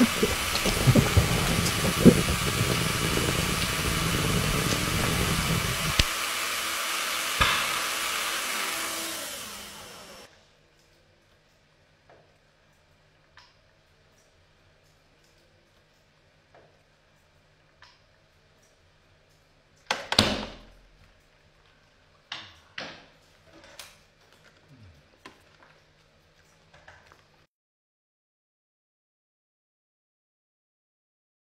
Okay.